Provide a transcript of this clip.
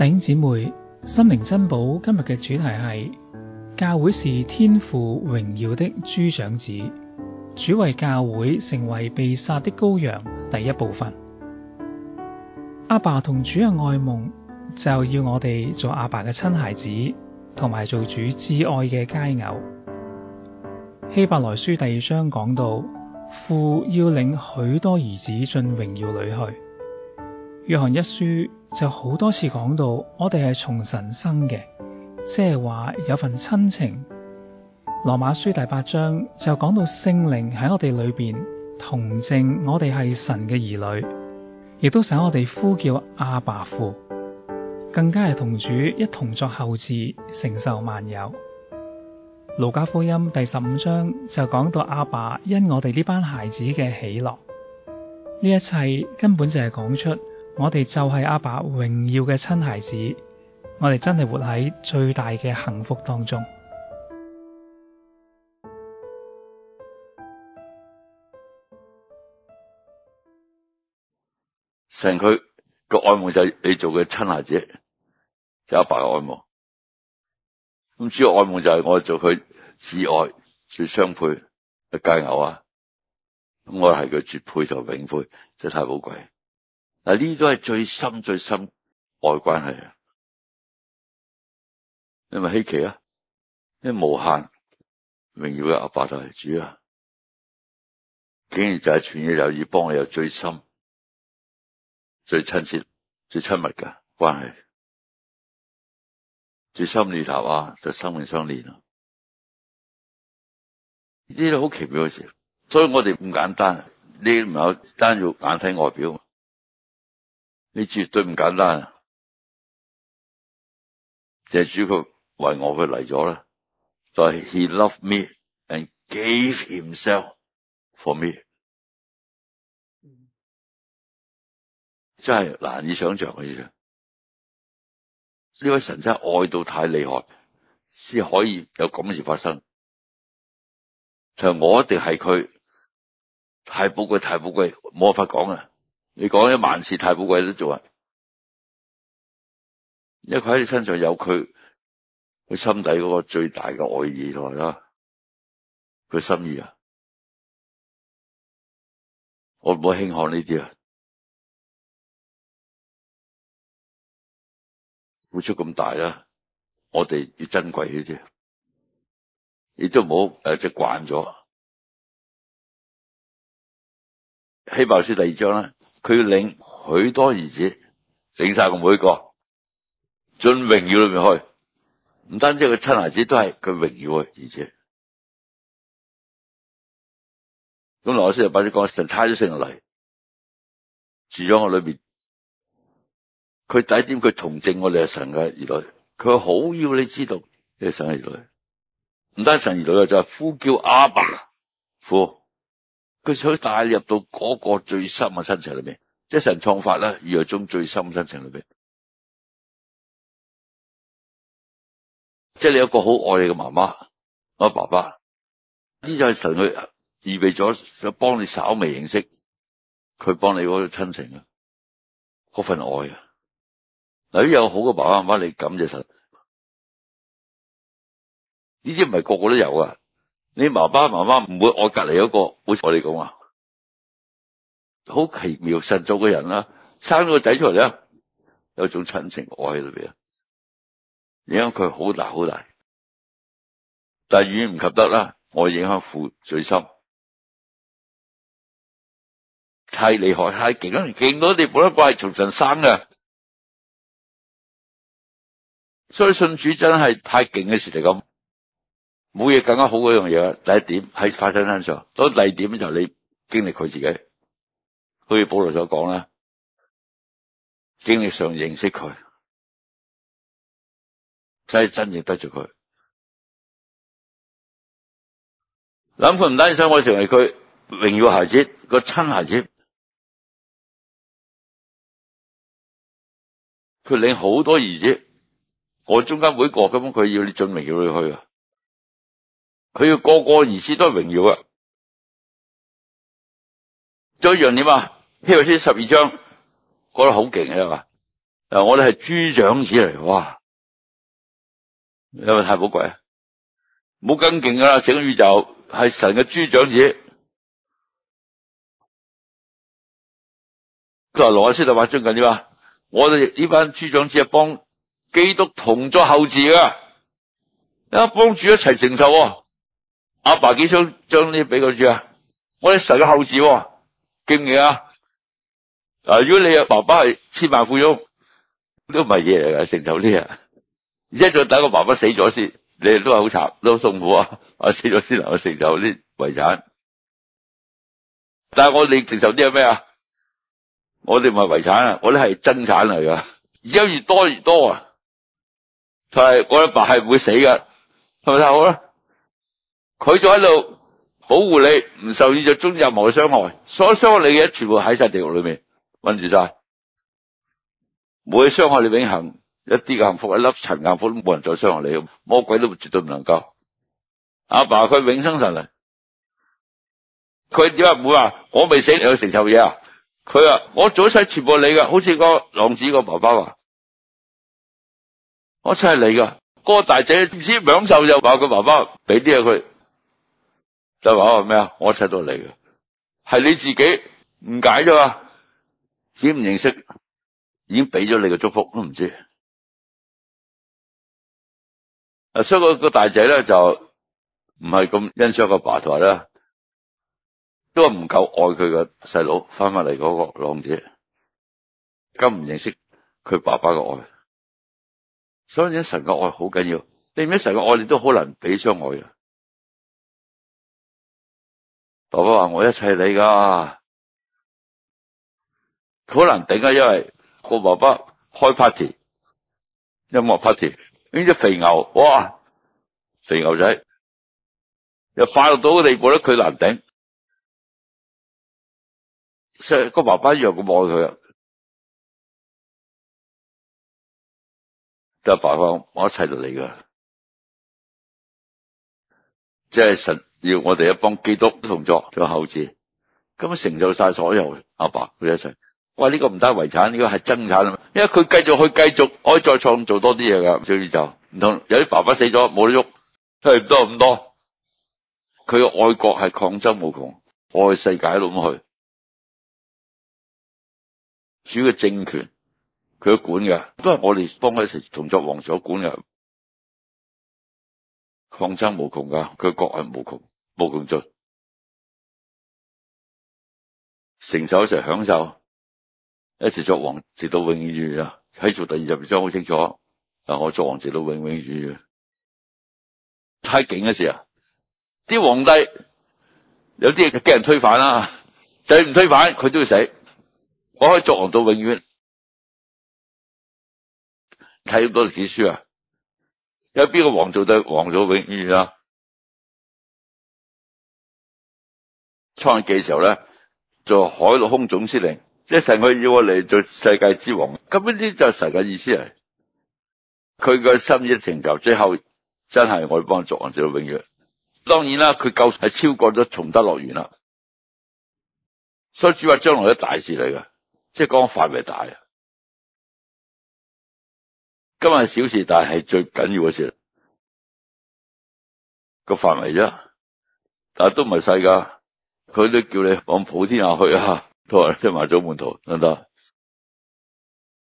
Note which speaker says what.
Speaker 1: 弟兄姊妹，心靈珍寶今日嘅主題係教會是天父榮耀的諸長子，主為教會成為被殺的羔羊。第一部分，阿爸同主嘅愛夢就要我哋做阿爸嘅親的孩子，同埋做主至愛嘅佳偶。希伯來書第二章講到父要領許多兒子進榮耀裏去。約翰一書。就好多次講到，我哋係從神生嘅，即係話有份親情。羅馬書第八章就講到聖靈喺我哋裏邊同證我哋係神嘅兒女，亦都使我哋呼叫阿爸父，更加係同主一同作後嗣，承受萬有。路加福音第十五章就講到阿爸因我哋呢班孩子嘅喜樂，呢一切根本就係講出。我哋就係阿爸榮耀嘅親孩子，我哋真係活喺最大嘅幸福當中。
Speaker 2: 成佢
Speaker 3: 個愛慕就係你做佢親孩子，就阿、是、爸嘅愛慕。咁主要愛慕就係我做佢至愛最相配嘅佳偶啊，咁我係佢絕配就永配，真係太寶貴。嗱，呢啲都
Speaker 2: 係最深、最深愛的關係啊！你咪稀奇啊，呢無限榮耀嘅阿爸就嚟主啊，竟然就係全意有意幫我，有最深、最親切、最親密嘅關係，最深裡頭啊，就生命相連啊！呢啲都好奇妙嘅事，所以我哋咁簡單，你唔係單要眼睇外表。你絕對唔簡單，借主佢為我佢嚟咗啦，就係、是、He loved me and gave himself for me，真係難以想象嘅嘢。呢位神真係愛到太厲害，
Speaker 3: 先可以有咁嘅事發生。就係我一定係佢，太寶貴，太寶貴，冇法講啊！你講一萬次太寶貴
Speaker 2: 都做啊！因為佢喺你身上有佢佢心底嗰個最大嘅愛意來啦，佢心意啊！我唔好輕看呢啲啊，付出咁大啦，我哋要珍貴呢啲，亦都唔好誒，即係慣咗。
Speaker 3: 希伯來書第二章啦。佢要領許多兒子，領晒個每一個進榮耀裏面去，唔
Speaker 2: 單止佢親孩子，都係佢榮耀的兒子。
Speaker 3: 咁羅老師就把啲講神差咗成嚟住咗我裏邊。佢第一點，佢同證我哋係神嘅兒女，佢好要你知道，係神的兒女，唔單神兒女就係呼叫阿爸父。佢想帶你入到嗰個最深嘅親情裏面，即係神創法啦，宇宙
Speaker 2: 中最深嘅親情裏邊。
Speaker 3: 即係你有一個好愛你嘅媽媽啊，嗰個爸爸，呢就係神去預備咗，佢幫你稍微認識佢幫你嗰個親情啊，
Speaker 2: 嗰份愛啊。嗱，有好嘅爸爸媽媽，你感謝神，呢啲唔係個個都有啊。你爸爸媽媽唔會愛隔離一個，好似我哋咁呀，好奇妙神造嘅人啦，生咗個仔出嚟，有種親情愛喺裏面。啊，影響佢好大好大。但係遠唔及得啦，我影響父最深，太厲害，太勁啦，勁到你冇得怪，重神生的，所以信主真係太
Speaker 3: 勁嘅事嚟咁。冇嘢更加好嗰樣嘢。第一點喺發生身上，咁第二點就你經歷佢自己，好似保羅所講啦，
Speaker 2: 經歷上認識佢，真係真認得住佢。諗佢唔單止想我成為佢榮耀孩子，個親孩子，佢領好多兒子，我中間會過咁佢要你進榮耀裏去啊。佢要個個兒子都榮耀啊！再一樣點啊？希伯來十二章講得好
Speaker 3: 勁啊！嗱，我哋係諸長子嚟，哇！有冇太寶貴啊？唔好咁勁啦，整個宇宙係神嘅諸長子。
Speaker 2: 佢話羅馬書就話：最近點啊？
Speaker 3: 我哋呢班諸長子係幫基督同作後嗣嘅，幫一幫主一齊承受阿爸幾想將啲俾佢住啊！我哋成個後子、哦，記唔記得啊？嗱，如果你嘅爸爸係千萬富翁，都唔係嘢嚟噶，承受啲啊！而家再等個爸爸死咗先，你哋都係好慘，都好痛苦啊！啊，我死咗先能夠承受啲遺產，但係我哋承受啲係咩啊？我哋唔係遺產啊，我哋係真產嚟噶，而家越多越多啊！就係我阿爸係唔會死噶，係咪太好咧？佢就喺度保護你，唔受宇宙中任何嘅傷害，所傷害你嘅全部喺晒地獄裏面困住晒，冇去傷害你永恒一啲嘅幸福，一粒塵嘅福都冇人再傷害你，魔鬼都絕對唔能夠。阿爸佢永生神嚟，佢點解唔會話我未死你去承受嘢啊？佢呀，我早世全部你㗎。好似個浪子個爸爸話，我真係係你噶，個、嗰個大仔點知享受又話佢爸爸俾啲嘢佢。就話我咩啊？我出到嚟嘅，係你自己誤解啫嘛，自己唔認識，
Speaker 2: 已經俾咗你嘅祝福都唔知。
Speaker 3: 啊，所以個大仔咧就唔係咁欣賞個爸台咧，都唔夠愛佢嘅細佬翻翻嚟嗰個浪子，咁唔認識佢爸爸嘅愛，所以神個愛好緊要，一你
Speaker 2: 唔識神個愛，你都好難彼此相愛嘅。爸爸
Speaker 3: 話我一齊嚟噶，佢好難頂啊！因為個爸爸開 party，音樂 party，呢隻肥牛，哇，肥牛仔又快樂到個地步咧，佢難頂。
Speaker 2: 成個爸爸弱嘅望佢，就爸爸話我一齊就嚟噶，
Speaker 3: 即係實。要我哋一幫基督同作做後子，咁成就晒所有阿爸佢一齊。哇！呢個唔單遺產，呢個係增產啊嘛！因為佢繼續去繼續，可以再創造多啲嘢噶。小宇就，唔同，有啲爸爸死咗冇得喐，都係唔多咁多。佢愛國係抗爭無窮，
Speaker 2: 愛世界都咁去。主要嘅政權佢都管嘅，都係我哋幫佢一齊同作王所管嘅抗爭無窮噶，佢國係無窮。冇窮盡，承受一時享受，一時作王直
Speaker 3: 到永遠啊！喺做第二集將好清楚，但我作王直到永永遠太勁嘅事啊！啲皇帝有啲嘢驚人推翻啦，就係唔推翻佢都要死，我可以作王到永遠。
Speaker 2: 睇咁多歷史書啊，有邊個王做到王到永遠啊？
Speaker 3: 創嘅時候咧，做海陸空總司令，即係神佢要我嚟做世界之王，根本呢就神嘅意思係，佢嘅心意成就，最後真係我幫助人做，嗯、到永遠。當然啦，佢夠係超過咗崇德樂園啦，所以主話將來啲大事嚟㗎，即係講範圍大啊，
Speaker 2: 今日小事大係最緊要嘅事，個範圍啫，但係都唔係細㗎。佢都叫你往普天下去啊， 都話即係埋祖門徒得唔得？是